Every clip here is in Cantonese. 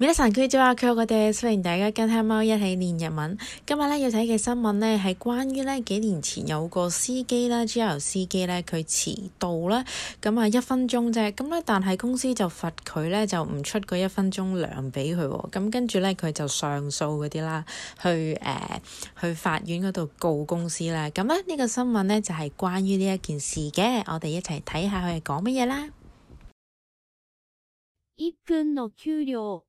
每日晨區早啊，佢我哋歡迎大家大跟黑貓一起練日文。今日咧要睇嘅新聞咧係關於咧幾年前有個司機啦，JR 司機咧佢遲到啦，咁啊一分鐘啫，咁咧但係公司就罰佢咧就唔出嗰一分鐘糧俾佢喎。咁跟住咧佢就上訴嗰啲啦，去誒、呃、去法院嗰度告公司咧。咁咧呢個新聞咧就係關於呢一件事嘅，我哋一齊睇下佢係講乜嘢啦。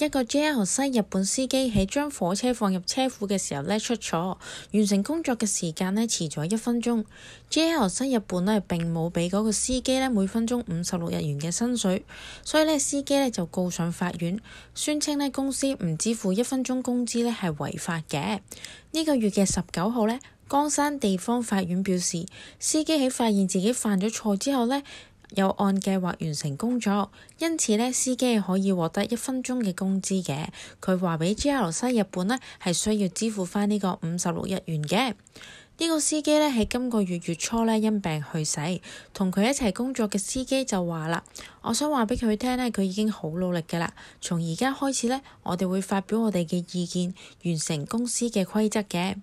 一個 JR 西日本司機喺將火車放入車庫嘅時候呢出錯，完成工作嘅時間呢遲咗一分鐘。JR 西日本呢並冇俾嗰個司機呢每分鐘五十六日元嘅薪水，所以呢司機呢就告上法院，宣稱呢公司唔支付一分鐘工資呢係違法嘅。呢個月嘅十九號呢，江山地方法院表示，司機喺發現自己犯咗錯之後呢，又按計劃完成工作，因此呢司機可以獲得一分鐘嘅工資嘅。佢話俾 JR 西日本呢係需要支付翻呢個五十六日元嘅。呢、呢個司機呢喺今個月月初呢因病去世，同佢一齊工作嘅司機就話啦，我想話畀佢聽呢佢已經好努力㗎啦。從而家開始呢，我哋會發表我哋嘅意見，完成公司嘅規則嘅。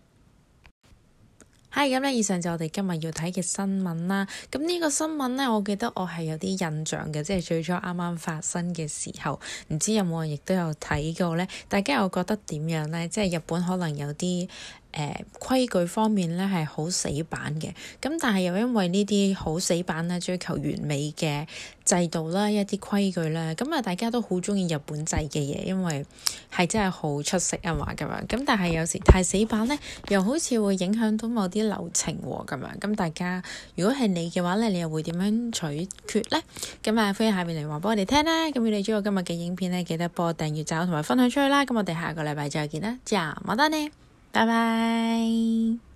係咁咧，Hi, 以上就我哋今日要睇嘅新聞啦。咁呢個新聞咧，我記得我係有啲印象嘅，即係最初啱啱發生嘅時候，唔知有冇人亦都有睇過咧？大家又覺得點樣咧？即係日本可能有啲。誒、呃、規矩方面呢係好死板嘅，咁但係又因為呢啲好死板咧，追求完美嘅制度啦、一啲規矩啦，咁啊大家都好中意日本製嘅嘢，因為係真係好出色啊嘛咁樣。咁但係有時太死板呢，又好似會影響到某啲流程喎咁樣。咁大家如果係你嘅話呢，你又會點樣取決呢？咁啊歡迎下面嚟話畀我哋聽啦。咁你中意我今日嘅影片呢，記得幫我訂閱、讚同埋分享出去啦。咁我哋下個禮拜再見啦，謝啊，冇得你。拜拜。